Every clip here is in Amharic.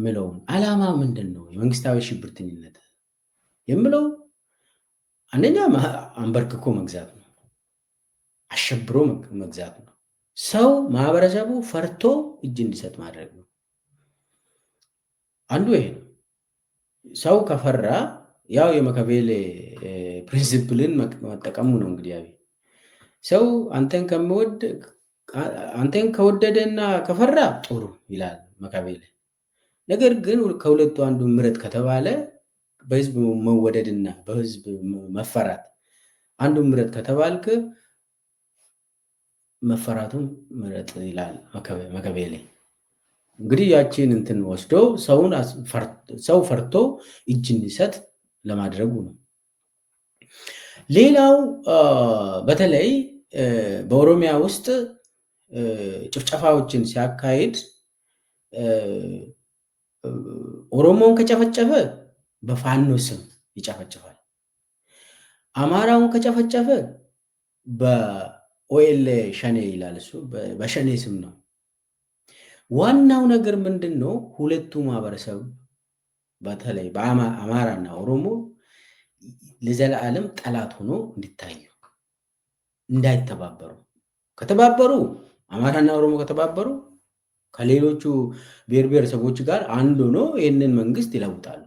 የምለውን አላማ ምንድን ነው? የመንግስታዊ ሽብርተኝነት የምለው አንደኛ አንበርክኮ መግዛት ነው፣ አሸብሮ መግዛት ነው። ሰው ማህበረሰቡ ፈርቶ እጅ እንዲሰጥ ማድረግ ነው። አንዱ ይሄ ነው። ሰው ከፈራ ያው የመከቤሌ ፕሪንሲፕልን መጠቀሙ ነው። እንግዲህ አብይ ሰው አንተን አንተን ከወደደና ከፈራ ጥሩ ይላል መከቤሌ ነገር ግን ከሁለቱ አንዱ ምረጥ ከተባለ በህዝብ መወደድና በህዝብ መፈራት አንዱ ምረጥ ከተባልክ መፈራቱን ምረጥ ይላል መከቤ ላይ። እንግዲህ ያቺን እንትን ወስዶ ሰው ፈርቶ እጅ እንዲሰጥ ለማድረጉ ነው። ሌላው በተለይ በኦሮሚያ ውስጥ ጭፍጨፋዎችን ሲያካሂድ ኦሮሞውን ከጨፈጨፈ በፋኖ ስም ይጨፈጭፋል። አማራውን ከጨፈጨፈ በኦኤል ሸኔ ይላል እሱ በሸኔ ስም ነው። ዋናው ነገር ምንድን ነው? ሁለቱ ማህበረሰብ በተለይ በአማራና ኦሮሞ ለዘላለም ጠላት ሆኖ እንዲታዩ እንዳይተባበሩ ከተባበሩ አማራና ኦሮሞ ከተባበሩ ከሌሎቹ ብሔር ብሔረሰቦች ጋር አንድ ሆኖ ይህንን መንግስት ይለውጣሉ።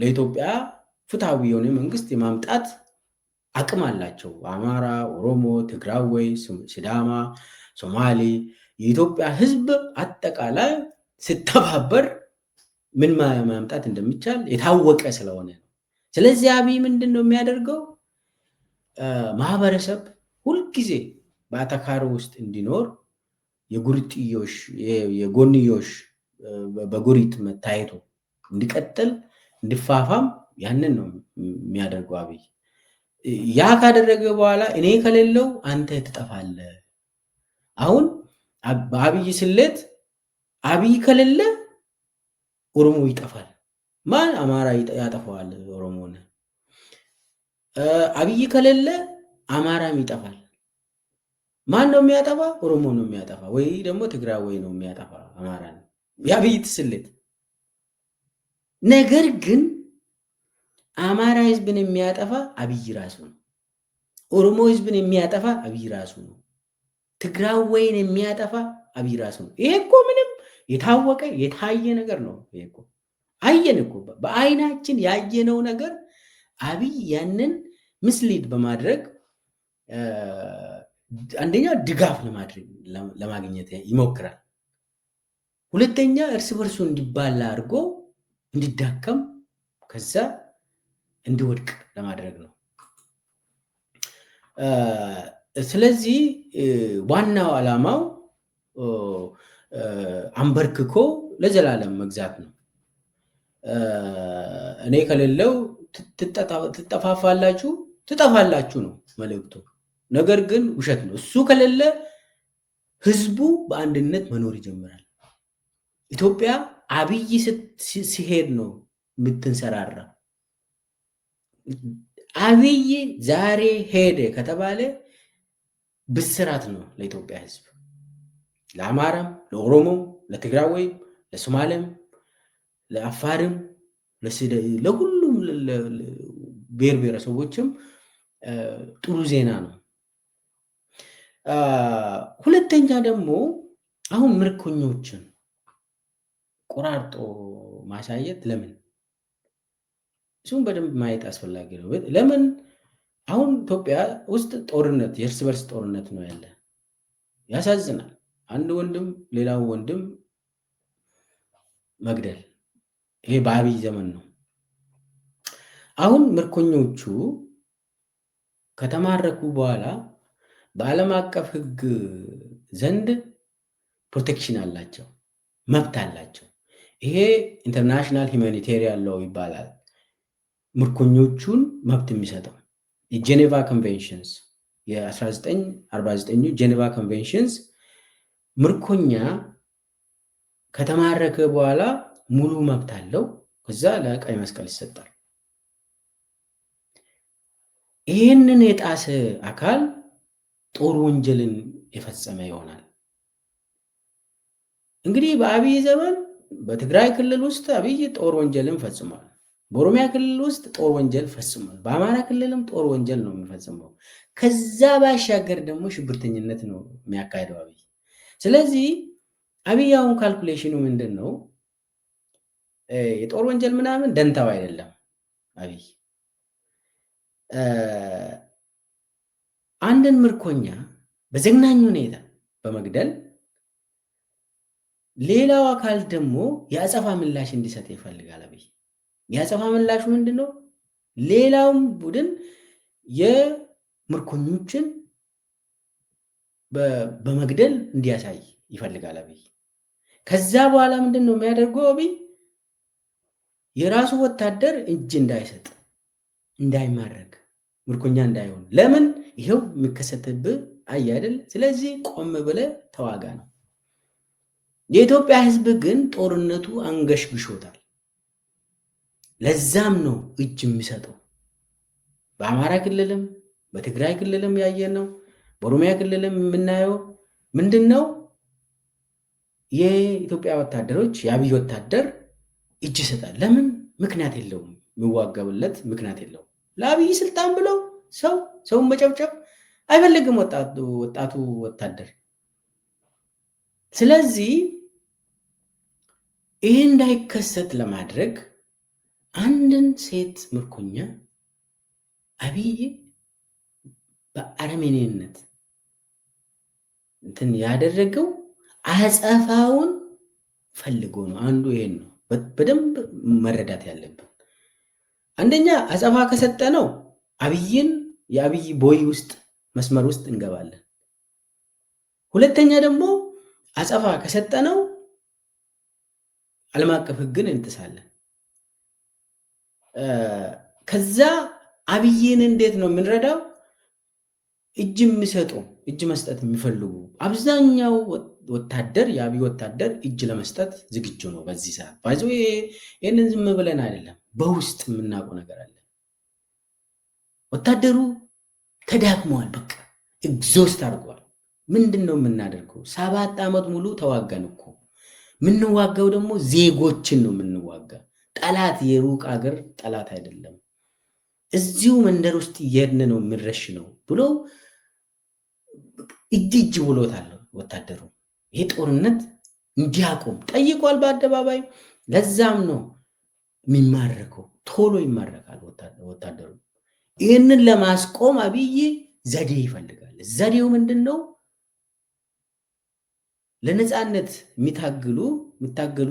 ለኢትዮጵያ ፍትሐዊ የሆነ መንግስት የማምጣት አቅም አላቸው። አማራ፣ ኦሮሞ፣ ትግራወይ፣ ሲዳማ፣ ሶማሌ የኢትዮጵያ ህዝብ አጠቃላይ ስተባበር ምን ማምጣት እንደሚቻል የታወቀ ስለሆነ ነው። ስለዚህ አብይ ምንድን ነው የሚያደርገው? ማህበረሰብ ሁልጊዜ በአተካሪ ውስጥ እንዲኖር የጉርጥዮሽ የጎንዮሽ በጉሪጥ መታየቱ እንዲቀጥል እንዲፋፋም ያንን ነው የሚያደርገው አብይ። ያ ካደረገ በኋላ እኔ ከሌለው አንተ ትጠፋለ? አሁን በአብይ ስሌት አብይ ከሌለ ኦሮሞ ይጠፋል። ማን አማራ ያጠፋዋል ኦሮሞን። አብይ ከሌለ አማራም ይጠፋል። ማን ነው የሚያጠፋ? ኦሮሞ ነው የሚያጠፋ ወይ ደግሞ ትግራዊ ነው የሚያጠፋ አማራ ነው። የአብይት ስሌት። ነገር ግን አማራ ህዝብን የሚያጠፋ አብይ ራሱ ነው። ኦሮሞ ህዝብን የሚያጠፋ አብይ ራሱ ነው። ትግራዊን የሚያጠፋ አብይ ራሱ ነው። ይሄ እኮ ምንም የታወቀ የታየ ነገር ነው። ይሄ እኮ አየን እኮ በአይናችን ያየነው ነገር አብይ ያንን ምስሊድ በማድረግ አንደኛ ድጋፍ ለማድረግ ለማግኘት ይሞክራል። ሁለተኛ እርስ በርሱ እንዲባላ አድርጎ እንዲዳከም ከዛ እንዲወድቅ ለማድረግ ነው። ስለዚህ ዋናው ዓላማው አንበርክኮ ለዘላለም መግዛት ነው። እኔ ከሌለው ትጠፋፋላችሁ፣ ትጠፋላችሁ ነው መልእክቱ። ነገር ግን ውሸት ነው። እሱ ከሌለ ህዝቡ በአንድነት መኖር ይጀምራል። ኢትዮጵያ አብይ ሲሄድ ነው የምትንሰራራ። አብይ ዛሬ ሄደ ከተባለ ብስራት ነው ለኢትዮጵያ ህዝብ፣ ለአማራም፣ ለኦሮሞም፣ ለትግራዊም፣ ለሶማሌም፣ ለአፋርም፣ ለሁሉም ብሔር ብሔረሰቦችም ጥሩ ዜና ነው። ሁለተኛ ደግሞ አሁን ምርኮኞችን ቆራርጦ ማሳየት ለምን እሱም በደንብ ማየት አስፈላጊ ነው። ለምን አሁን ኢትዮጵያ ውስጥ ጦርነት የእርስ በርስ ጦርነት ነው ያለ። ያሳዝናል። አንድ ወንድም ሌላው ወንድም መግደል ይሄ በአብይ ዘመን ነው። አሁን ምርኮኞቹ ከተማረኩ በኋላ በዓለም አቀፍ ሕግ ዘንድ ፕሮቴክሽን አላቸው፣ መብት አላቸው። ይሄ ኢንተርናሽናል ሂማኒቴሪያን ሎው ይባላል። ምርኮኞቹን መብት የሚሰጠው የጄኔቫ ኮንቬንሽንስ የ1949 ጄኔቫ ኮንቬንሽንስ ምርኮኛ ከተማረከ በኋላ ሙሉ መብት አለው። ከዛ ለቀይ መስቀል ይሰጣል። ይህንን የጣሰ አካል ጦር ወንጀልን የፈጸመ ይሆናል። እንግዲህ በአብይ ዘመን በትግራይ ክልል ውስጥ አብይ ጦር ወንጀልን ፈጽሟል። በኦሮሚያ ክልል ውስጥ ጦር ወንጀል ፈጽሟል። በአማራ ክልልም ጦር ወንጀል ነው የሚፈጽመው። ከዛ ባሻገር ደግሞ ሽብርተኝነት ነው የሚያካሄደው አብይ። ስለዚህ አብይ አሁን ካልኩሌሽኑ ምንድን ነው? የጦር ወንጀል ምናምን ደንታው አይደለም አብይ አንድን ምርኮኛ በዘግናኝ ሁኔታ በመግደል ሌላው አካል ደግሞ የአጸፋ ምላሽ እንዲሰጥ ይፈልጋል አብይ። የአጸፋ ምላሹ ምንድን ነው? ሌላውም ቡድን የምርኮኞችን በመግደል እንዲያሳይ ይፈልጋል አብይ። ከዛ በኋላ ምንድን ነው የሚያደርገው አብይ? የራሱ ወታደር እጅ እንዳይሰጥ፣ እንዳይማረግ ምርኮኛ እንዳይሆን ለምን ይሄው የሚከሰትብህ አያደል። ስለዚህ ቆም ብለህ ተዋጋ ነው። የኢትዮጵያ ሕዝብ ግን ጦርነቱ አንገሽግሾታል። ለዛም ነው እጅ የሚሰጠው። በአማራ ክልልም በትግራይ ክልልም ያየ ነው፣ በኦሮሚያ ክልልም የምናየው ምንድን ነው? የኢትዮጵያ ወታደሮች የአብይ ወታደር እጅ ይሰጣል። ለምን? ምክንያት የለውም። የሚዋጋብለት ምክንያት የለውም። ለአብይ ስልጣን ብለው ሰው ሰውን መጨብጨብ አይፈልግም ወጣቱ ወታደር። ስለዚህ ይህ እንዳይከሰት ለማድረግ አንድን ሴት ምርኮኛ አብይ በአረመኔነት እንትን ያደረገው አጸፋውን ፈልጎ ነው። አንዱ ይሄን ነው በደንብ መረዳት ያለብን። አንደኛ አጸፋ ከሰጠ ነው አብይን የአብይ ቦይ ውስጥ መስመር ውስጥ እንገባለን። ሁለተኛ ደግሞ አጸፋ ከሰጠነው ዓለም አቀፍ ሕግን እንጥሳለን። ከዛ አብይን እንዴት ነው የምንረዳው? እጅ የሚሰጡ እጅ መስጠት የሚፈልጉ አብዛኛው ወታደር የአብይ ወታደር እጅ ለመስጠት ዝግጁ ነው። በዚህ ሰዓት ይህንን ዝም ብለን አይደለም፣ በውስጥ የምናውቀው ነገር አለ። ወታደሩ ተዳክመዋል። በቃ ኤግዞስት አድርጓል። ምንድን ነው የምናደርገው? ሰባት ዓመት ሙሉ ተዋጋን እኮ የምንዋጋው ደግሞ ዜጎችን ነው የምንዋጋ። ጠላት የሩቅ አገር ጠላት አይደለም፣ እዚሁ መንደር ውስጥ የድን ነው የምንረሽ ነው ብሎ እጅ እጅ ብሎታል ወታደሩ። ይሄ ጦርነት እንዲያቆም ጠይቋል በአደባባይ። ለዛም ነው የሚማረከው፣ ቶሎ ይማረካል ወታደሩ። ይህንን ለማስቆም አብይ ዘዴ ይፈልጋል። ዘዴው ምንድን ነው? ለነፃነት የሚታግሉ የሚታገሉ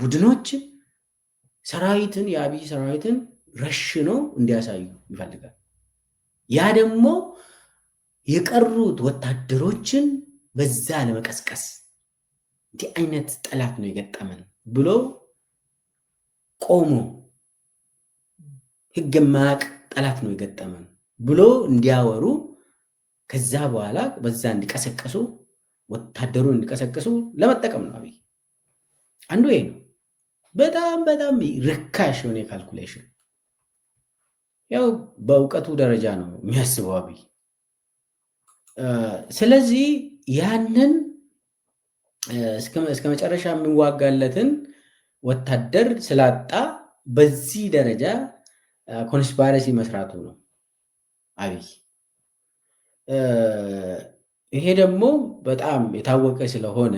ቡድኖች ሰራዊትን የአብይ ሰራዊትን ረሽኖ እንዲያሳዩ ይፈልጋል። ያ ደግሞ የቀሩት ወታደሮችን በዛ ለመቀስቀስ እንዲህ አይነት ጠላት ነው የገጠመን ብሎ ቆሞ ህግ የማያውቅ ጠላት ነው የገጠመን ብሎ እንዲያወሩ ከዛ በኋላ በዛ እንዲቀሰቀሱ ወታደሩ እንዲቀሰቀሱ ለመጠቀም ነው አብይ። አንዱ ይሄ ነው። በጣም በጣም ርካሽ የሆነ የካልኩሌሽን ያው በእውቀቱ ደረጃ ነው የሚያስበው አብይ። ስለዚህ ያንን እስከ መጨረሻ የሚዋጋለትን ወታደር ስላጣ በዚህ ደረጃ ኮንስፓይረሲ መስራቱ ነው አብይ። ይሄ ደግሞ በጣም የታወቀ ስለሆነ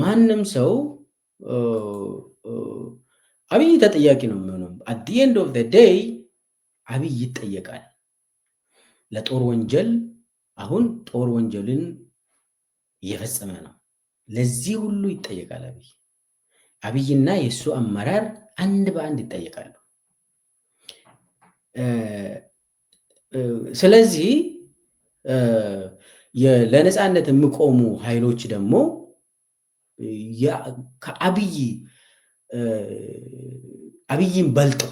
ማንም ሰው አብይ ተጠያቂ ነው የሚሆነው። አት ኤንድ ኦፍ ደይ አብይ ይጠየቃል ለጦር ወንጀል። አሁን ጦር ወንጀልን እየፈጸመ ነው። ለዚህ ሁሉ ይጠየቃል አብይ። አብይና የእሱ አመራር አንድ በአንድ ይጠየቃሉ። ስለዚህ ለነፃነት የሚቆሙ ኃይሎች ደግሞ ከአብይ አብይን በልጦ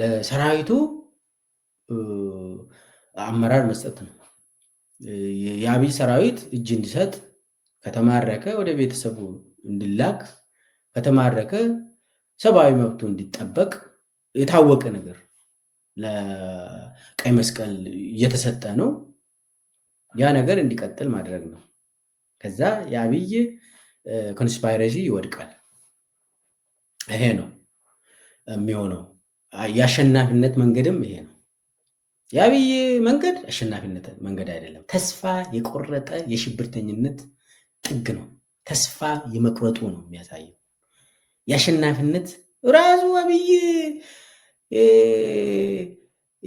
ለሰራዊቱ አመራር መስጠት ነው። የአብይ ሰራዊት እጅ እንዲሰጥ ከተማረከ ወደ ቤተሰቡ እንዲላክ ከተማረከ ሰብአዊ መብቱ እንዲጠበቅ የታወቀ ነገር ለቀይ መስቀል እየተሰጠ ነው። ያ ነገር እንዲቀጥል ማድረግ ነው። ከዛ የአብይ ኮንስፓይረሲ ይወድቃል። ይሄ ነው የሚሆነው። የአሸናፊነት መንገድም ይሄ ነው። የአብይ መንገድ አሸናፊነት መንገድ አይደለም። ተስፋ የቆረጠ የሽብርተኝነት ጥግ ነው። ተስፋ የመቁረጡ ነው የሚያሳየው። የአሸናፊነት ራሱ አብይ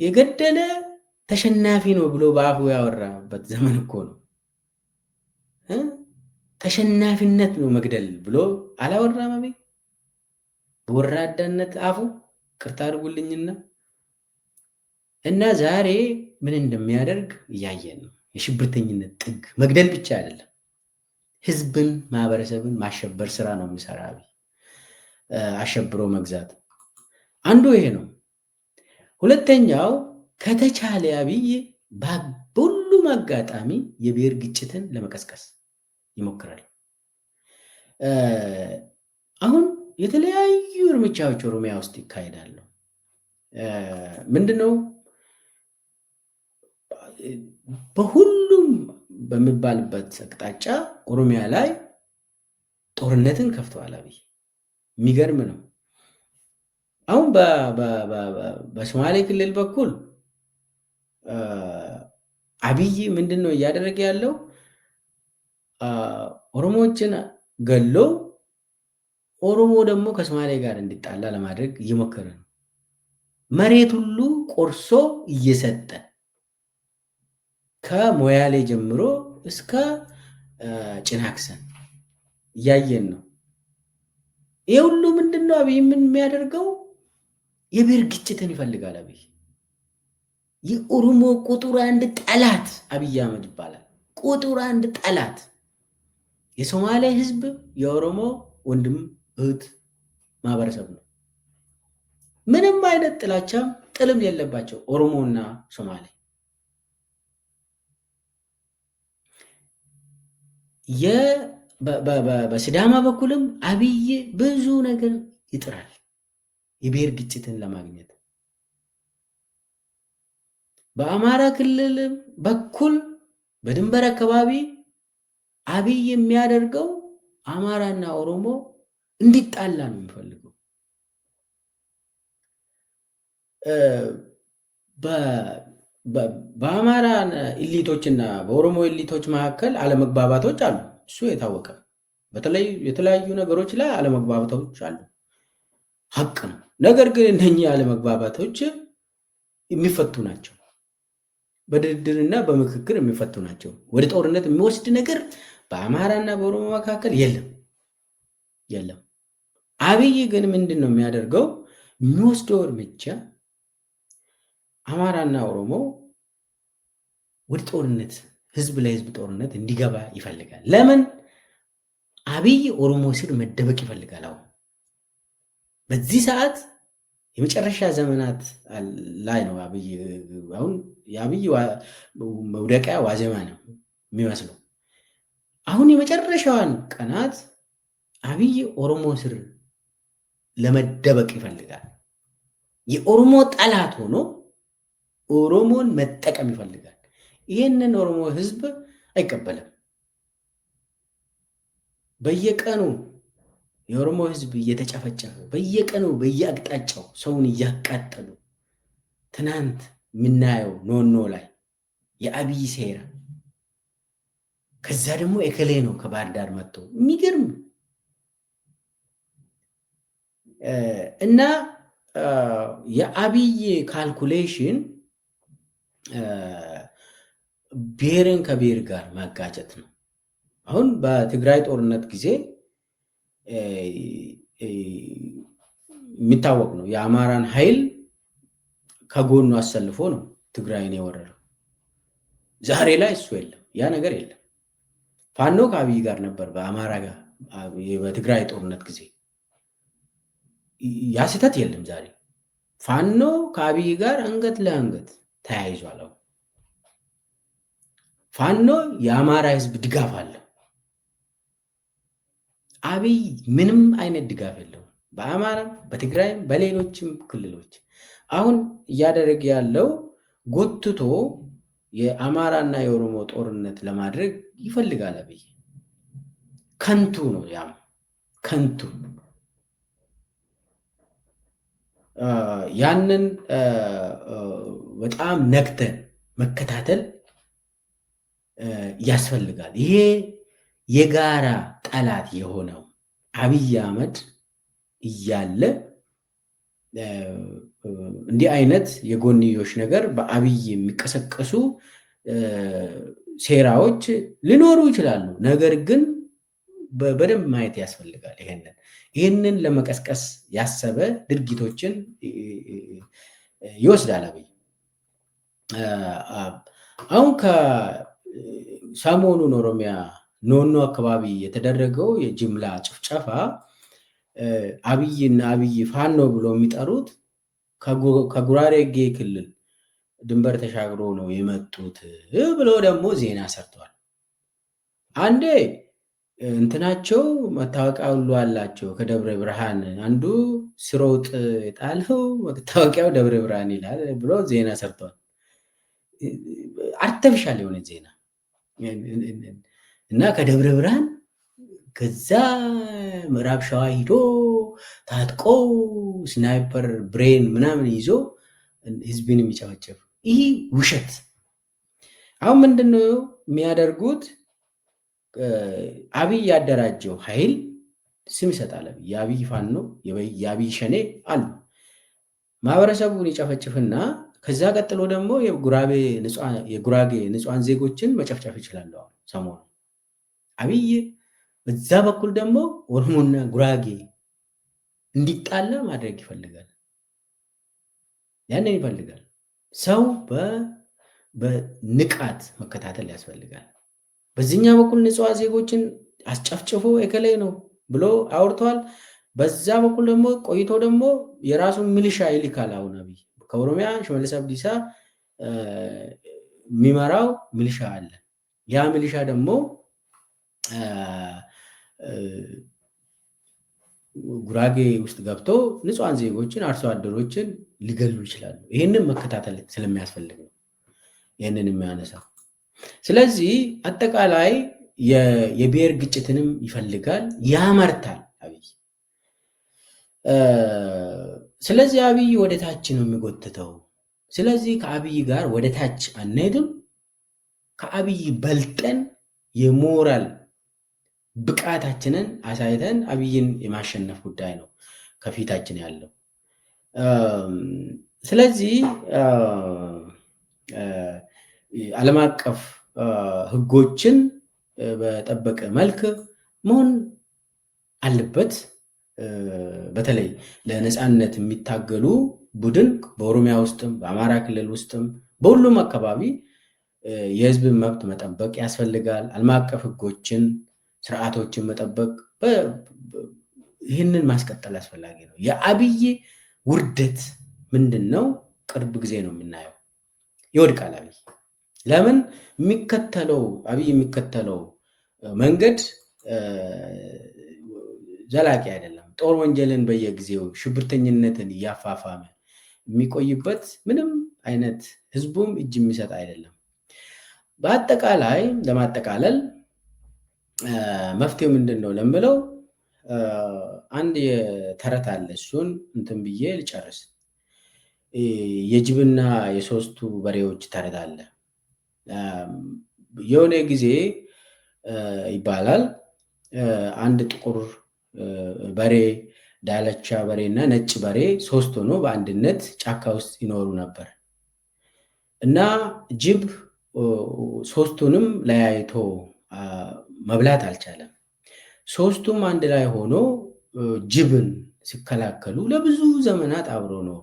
የገደለ ተሸናፊ ነው ብሎ በአፉ ያወራበት ዘመን እኮ ነው። ተሸናፊነት ነው መግደል ብሎ አላወራም። አብይ በወራዳነት አፉ ቅርታ አድርጉልኝና እና ዛሬ ምን እንደሚያደርግ እያየን ነው። የሽብርተኝነት ጥግ መግደል ብቻ አይደለም፣ ህዝብን ማህበረሰብን ማሸበር ስራ ነው የሚሰራ አብይ አሸብሮ መግዛት አንዱ ይሄ ነው። ሁለተኛው ከተቻለ አብይ በሁሉም አጋጣሚ የብሔር ግጭትን ለመቀስቀስ ይሞክራል። አሁን የተለያዩ እርምጃዎች ኦሮሚያ ውስጥ ይካሄዳሉ። ምንድነው በሁሉም በሚባልበት አቅጣጫ ኦሮሚያ ላይ ጦርነትን ከፍተዋል አብይ የሚገርም ነው። አሁን በሶማሌ ክልል በኩል አብይ ምንድን ነው እያደረገ ያለው? ኦሮሞዎችን ገሎ ኦሮሞ ደግሞ ከሶማሌ ጋር እንዲጣላ ለማድረግ እየሞከረ ነው። መሬት ሁሉ ቆርሶ እየሰጠ ከሞያሌ ጀምሮ እስከ ጭናክሰን እያየን ነው። ይህ ሁሉ ምንድን ነው? አብይ ምን የሚያደርገው የብሔር ግጭትን ይፈልጋል። አብይ የኦሮሞ ቁጥር አንድ ጠላት አብይ አህመድ ይባላል። ቁጥር አንድ ጠላት የሶማሌ ህዝብ የኦሮሞ ወንድም እህት ማህበረሰብ ነው። ምንም አይነት ጥላቻም ጥልም የለባቸው ኦሮሞና ሶማሌ። በሲዳማ በኩልም አብይ ብዙ ነገር ይጥራል የብሔር ግጭትን ለማግኘት። በአማራ ክልል በኩል በድንበር አካባቢ አብይ የሚያደርገው አማራና ኦሮሞ እንዲጣላ ነው የሚፈልገው። በአማራ ኢሊቶችና በኦሮሞ ኢሊቶች መካከል አለመግባባቶች አሉ። እሱ የታወቀ በተለይ የተለያዩ ነገሮች ላይ አለመግባባቶች አሉ፣ ሀቅ ነው። ነገር ግን እነኚህ አለመግባባቶች የሚፈቱ ናቸው፣ በድርድርና በምክክር የሚፈቱ ናቸው። ወደ ጦርነት የሚወስድ ነገር በአማራና በኦሮሞ መካከል የለም የለም። አብይ ግን ምንድን ነው የሚያደርገው? የሚወስደው እርምጃ አማራና ኦሮሞ ወደ ጦርነት ህዝብ ለህዝብ ጦርነት እንዲገባ ይፈልጋል። ለምን አብይ ኦሮሞ ስር መደበቅ ይፈልጋል። አሁን በዚህ ሰዓት የመጨረሻ ዘመናት ላይ ነው። አብይ አሁን የአብይ መውደቂያ ዋዜማ ነው የሚመስለው። አሁን የመጨረሻዋን ቀናት አብይ ኦሮሞ ስር ለመደበቅ ይፈልጋል። የኦሮሞ ጠላት ሆኖ ኦሮሞን መጠቀም ይፈልጋል። ይህንን ኦሮሞ ህዝብ አይቀበልም። በየቀኑ የኦሮሞ ህዝብ እየተጨፈጨፈ በየቀኑ በየአቅጣጫው ሰውን እያቃጠሉ ትናንት የምናየው ኖኖ ላይ የአብይ ሴራ ከዛ ደግሞ ኤከሌ ነው ከባህር ዳር መጥቶ የሚገርም እና የአብይ ካልኩሌሽን ብሔርን ከብሔር ጋር ማጋጨት ነው። አሁን በትግራይ ጦርነት ጊዜ የሚታወቅ ነው። የአማራን ኃይል ከጎኑ አሰልፎ ነው ትግራይን የወረረው። ዛሬ ላይ እሱ የለም፣ ያ ነገር የለም። ፋኖ ከአብይ ጋር ነበር በአማራ ጋር በትግራይ ጦርነት ጊዜ። ያ ስህተት የለም ዛሬ ፋኖ ከአብይ ጋር አንገት ለአንገት ተያይዟል። ፋኖ የአማራ ህዝብ ድጋፍ አለው። አብይ ምንም አይነት ድጋፍ የለውም። በአማራ በትግራይም በሌሎችም ክልሎች አሁን እያደረገ ያለው ጎትቶ የአማራና የኦሮሞ ጦርነት ለማድረግ ይፈልጋል አብይ። ከንቱ ነው፣ ያም ከንቱ ያንን በጣም ነክተን መከታተል ያስፈልጋል። ይሄ የጋራ ጠላት የሆነው አብይ አህመድ እያለ እንዲህ አይነት የጎንዮሽ ነገር በአብይ የሚቀሰቀሱ ሴራዎች ሊኖሩ ይችላሉ። ነገር ግን በደንብ ማየት ያስፈልጋል። ይሄንን ይህንን ለመቀስቀስ ያሰበ ድርጊቶችን ይወስዳል አብይ አሁን ሰሞኑን ኦሮሚያ ኖኖ አካባቢ የተደረገው የጅምላ ጭፍጨፋ አብይና አብይ ፋኖ ብሎ የሚጠሩት ከጉራሬጌ ክልል ድንበር ተሻግሮ ነው የመጡት ብሎ ደግሞ ዜና ሰርቷል። አንዴ እንትናቸው መታወቂያ ሁሉ አላቸው። ከደብረ ብርሃን አንዱ ስሮውጥ የጣለው መታወቂያው ደብረ ብርሃን ይላል ብሎ ዜና ሰርተዋል። አርተፊሻል የሆነ ዜና እና ከደብረ ብርሃን ከዛ ምዕራብ ሸዋ ሂዶ ታጥቆ ስናይፐር ብሬን ምናምን ይዞ ህዝብን የሚጨፈጨፍ ይህ ውሸት። አሁን ምንድነው የሚያደርጉት? አብይ ያደራጀው ኃይል ስም ይሰጣል። የአብይ ፋኖ፣ የአብይ ሸኔ አሉ። ማህበረሰቡን ይጨፈጭፍና ከዛ ቀጥሎ ደግሞ የጉራጌ ንጹሐን ዜጎችን መጨፍጨፍ ይችላለሁ ሰሞኑ አብይ። በዛ በኩል ደግሞ ኦሮሞና ጉራጌ እንዲጣላ ማድረግ ይፈልጋል። ያንን ይፈልጋል። ሰው በንቃት መከታተል ያስፈልጋል። በዚህኛ በኩል ንጹሐን ዜጎችን አስጨፍጭፎ የከላይ ነው ብሎ አውርተዋል። በዛ በኩል ደግሞ ቆይቶ ደግሞ የራሱን ሚሊሻ ይልካል አሁን አብይ ከኦሮሚያ ሽመልስ አብዲሳ የሚመራው ሚሊሻ አለ። ያ ሚሊሻ ደግሞ ጉራጌ ውስጥ ገብቶ ንጹሐን ዜጎችን አርሶ አደሮችን ሊገሉ ይችላሉ። ይህንን መከታተል ስለሚያስፈልግ ነው ይህንን የሚያነሳው። ስለዚህ አጠቃላይ የብሔር ግጭትንም ይፈልጋል፣ ያመርታል አብይ ስለዚህ አብይ ወደ ታች ነው የሚጎትተው። ስለዚህ ከአብይ ጋር ወደ ታች አንሄድም። ከአብይ በልጠን የሞራል ብቃታችንን አሳይተን አብይን የማሸነፍ ጉዳይ ነው ከፊታችን ያለው። ስለዚህ ዓለም አቀፍ ሕጎችን በጠበቀ መልክ መሆን አለበት። በተለይ ለነፃነት የሚታገሉ ቡድን በኦሮሚያ ውስጥም በአማራ ክልል ውስጥም በሁሉም አካባቢ የህዝብ መብት መጠበቅ ያስፈልጋል። ዓለም አቀፍ ህጎችን፣ ስርዓቶችን መጠበቅ ይህንን ማስቀጠል አስፈላጊ ነው። የአብይ ውርደት ምንድን ነው? ቅርብ ጊዜ ነው የምናየው። ይወድቃል አብይ። ለምን የሚከተለው አብይ የሚከተለው መንገድ ዘላቂ አይደለም። ጦር ወንጀልን በየጊዜው ሽብርተኝነትን እያፋፋመ የሚቆይበት ምንም አይነት ህዝቡም እጅ የሚሰጥ አይደለም። በአጠቃላይ ለማጠቃለል መፍትሄው ምንድን ነው ለምለው አንድ ተረት አለ። እሱን እንትን ብዬ ልጨርስ። የጅብና የሶስቱ በሬዎች ተረት አለ። የሆነ ጊዜ ይባላል አንድ ጥቁር በሬ ዳለቻ በሬ እና ነጭ በሬ ሶስት ሆኖ በአንድነት ጫካ ውስጥ ይኖሩ ነበር እና ጅብ ሶስቱንም ለያይቶ መብላት አልቻለም። ሶስቱም አንድ ላይ ሆኖ ጅብን ሲከላከሉ ለብዙ ዘመናት አብሮ ነው።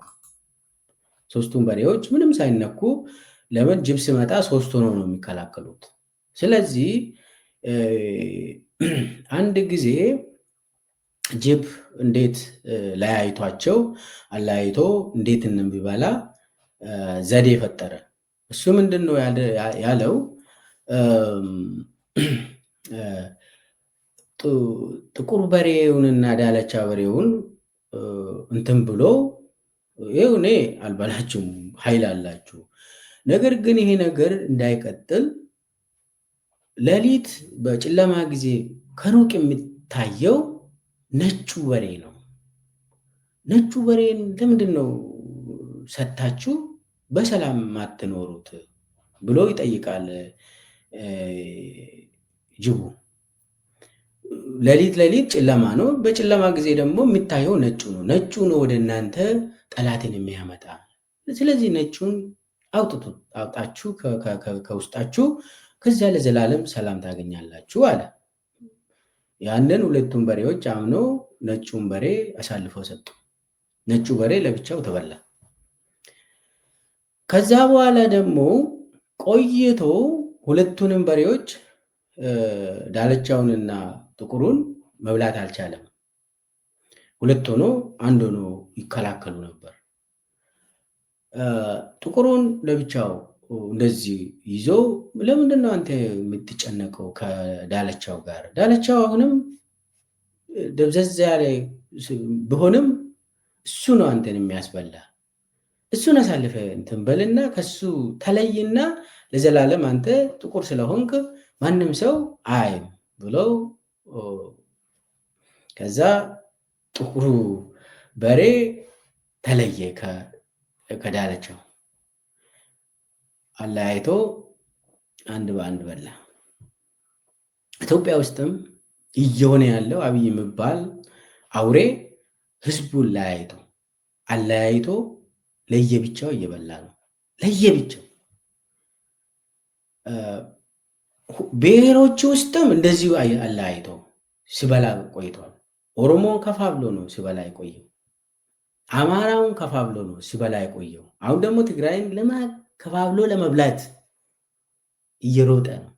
ሶስቱም በሬዎች ምንም ሳይነኩ ለምን ጅብ ሲመጣ ሶስት ሆኖ ነው የሚከላከሉት። ስለዚህ አንድ ጊዜ ጅብ እንዴት ለያይቷቸው አለያይቶ እንዴት እንቢበላ ዘዴ ፈጠረ። እሱ ምንድን ነው ያለው? ጥቁር በሬውንና ዳለቻ በሬውን እንትን ብሎ ይኸው እኔ አልበላችሁም፣ ኃይል አላችሁ። ነገር ግን ይሄ ነገር እንዳይቀጥል ሌሊት በጨለማ ጊዜ ከሩቅ የሚታየው ነጩ በሬ ነው። ነጩ በሬን ለምንድን ነው ሰታችሁ በሰላም ማትኖሩት ብሎ ይጠይቃል ጅቡ። ሌሊት ሌሊት ጨለማ ነው። በጨለማ ጊዜ ደግሞ የሚታየው ነጩ ነው። ነጩ ነው ወደ እናንተ ጠላትን የሚያመጣ። ስለዚህ ነጩን አውጥቱ አውጣችሁ ከውስጣችሁ፣ ከዚያ ለዘላለም ሰላም ታገኛላችሁ አለ። ያንን ሁለቱን በሬዎች አምኖ ነጩን በሬ አሳልፎ ሰጡ። ነጩ በሬ ለብቻው ተበላ። ከዛ በኋላ ደግሞ ቆይቶ ሁለቱንም በሬዎች ዳለቻውንና ጥቁሩን መብላት አልቻለም። ሁለት ሆኖ አንድ ሆኖ ይከላከሉ ነበር። ጥቁሩን ለብቻው እንደዚህ ይዘው ለምንድን ነው አንተ የምትጨነቀው ከዳለቻው ጋር? ዳለቻው አሁንም ደብዘዝ ያለ ቢሆንም እሱ ነው አንተን የሚያስበላ። እሱን አሳልፈ እንትን በልና ከሱ ተለይና ለዘላለም አንተ ጥቁር ስለሆንክ ማንም ሰው አይም ብለው ከዛ ጥቁሩ በሬ ተለየ ከዳለቻው አለያይቶ አንድ በአንድ በላ። ኢትዮጵያ ውስጥም እየሆነ ያለው አብይ የሚባል አውሬ ህዝቡን ለያይቶ አለያይቶ ለየብቻው እየበላ ነው። ለየብቻው ብሔሮች ውስጥም እንደዚሁ አለያይቶ ሲበላ ቆይቷል። ኦሮሞን ብሎ ነው ሲበላ የቆየው። አማራውን ብሎ ነው ሲበላ የቆየው። አሁን ደግሞ ትግራይን ለማ ከባብሎ ለመብላት እየሮጠ ነው።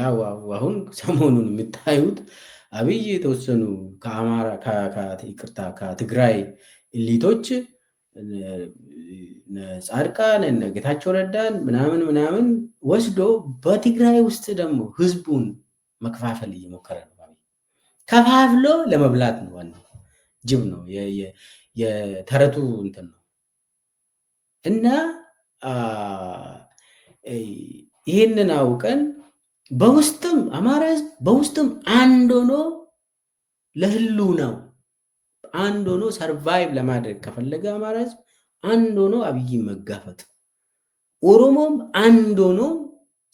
ያው አሁን ሰሞኑን የምታዩት አብይ የተወሰኑ ከአማራ ይቅርታ ከትግራይ እሊቶች ጻድቃን ጌታቸው ረዳን ምናምን ምናምን ወስዶ በትግራይ ውስጥ ደግሞ ህዝቡን መከፋፈል እየሞከረ ነው። ከፋፍሎ ለመብላት ነው። ዋናው ጅብ ነው የተረቱ እንትን ነው እና ይህንን አውቀን በውስጥም አማራ ህዝብ በውስጥም አንድ ሆኖ ነው አንድ ሆኖ ሰርቫይቭ ለማድረግ ከፈለገ አማራ ህዝብ አንድ ሆኖ አብይን መጋፈጥ፣ ኦሮሞም አንድ ሆኖ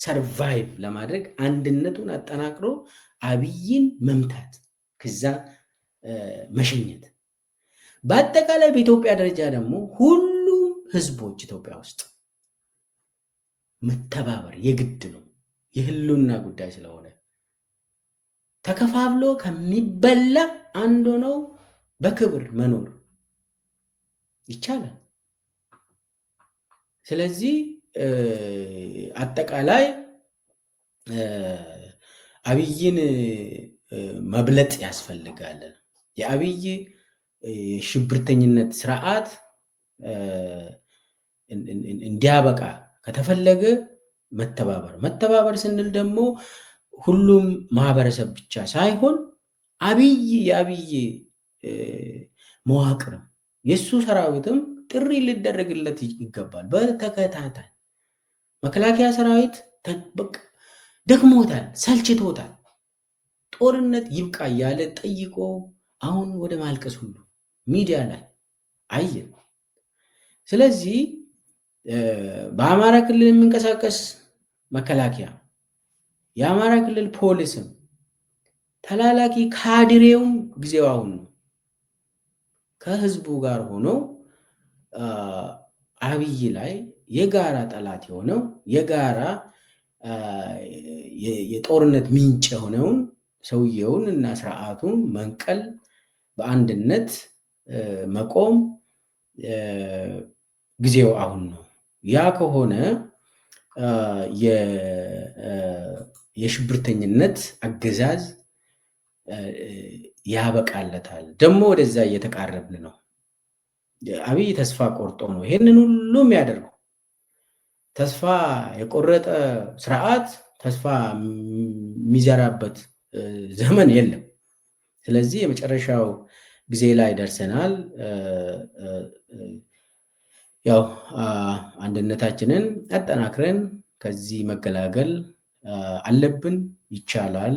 ሰርቫይቭ ለማድረግ አንድነቱን አጠናክሮ አብይን መምታት፣ ከዛ መሸኘት። በአጠቃላይ በኢትዮጵያ ደረጃ ደግሞ ሁሉም ህዝቦች ኢትዮጵያ ውስጥ መተባበር የግድ ነው። የህልውና ጉዳይ ስለሆነ ተከፋፍሎ ከሚበላ አንዱ ነው። በክብር መኖር ይቻላል። ስለዚህ አጠቃላይ አብይን መብለጥ ያስፈልጋል። የአብይ ሽብርተኝነት ስርዓት እንዲያበቃ ከተፈለገ መተባበር መተባበር ስንል ደግሞ ሁሉም ማህበረሰብ ብቻ ሳይሆን አብይ የአብይ መዋቅርም የእሱ ሰራዊትም ጥሪ ሊደረግለት ይገባል። በተከታታይ መከላከያ ሰራዊት ደክሞታል፣ ሰልችቶታል፣ ጦርነት ይብቃ እያለ ጠይቆ አሁን ወደ ማልቀስ ሁሉ ሚዲያ ላይ አየ ስለዚህ በአማራ ክልል የሚንቀሳቀስ መከላከያ የአማራ ክልል ፖሊስም ተላላኪ ካድሬውም ጊዜው አሁን ነው። ከህዝቡ ጋር ሆኖ አብይ ላይ የጋራ ጠላት የሆነው የጋራ የጦርነት ምንጭ የሆነውን ሰውየውን እና ስርዓቱን መንቀል፣ በአንድነት መቆም ጊዜው አሁን ነው። ያ ከሆነ የሽብርተኝነት አገዛዝ ያበቃለታል። ደግሞ ወደዛ እየተቃረብን ነው። አብይ ተስፋ ቆርጦ ነው ይሄንን ሁሉም ያደርገው። ተስፋ የቆረጠ ስርዓት ተስፋ የሚዘራበት ዘመን የለም። ስለዚህ የመጨረሻው ጊዜ ላይ ደርሰናል። ያው አንድነታችንን አጠናክረን ከዚህ መገላገል አለብን። ይቻላል።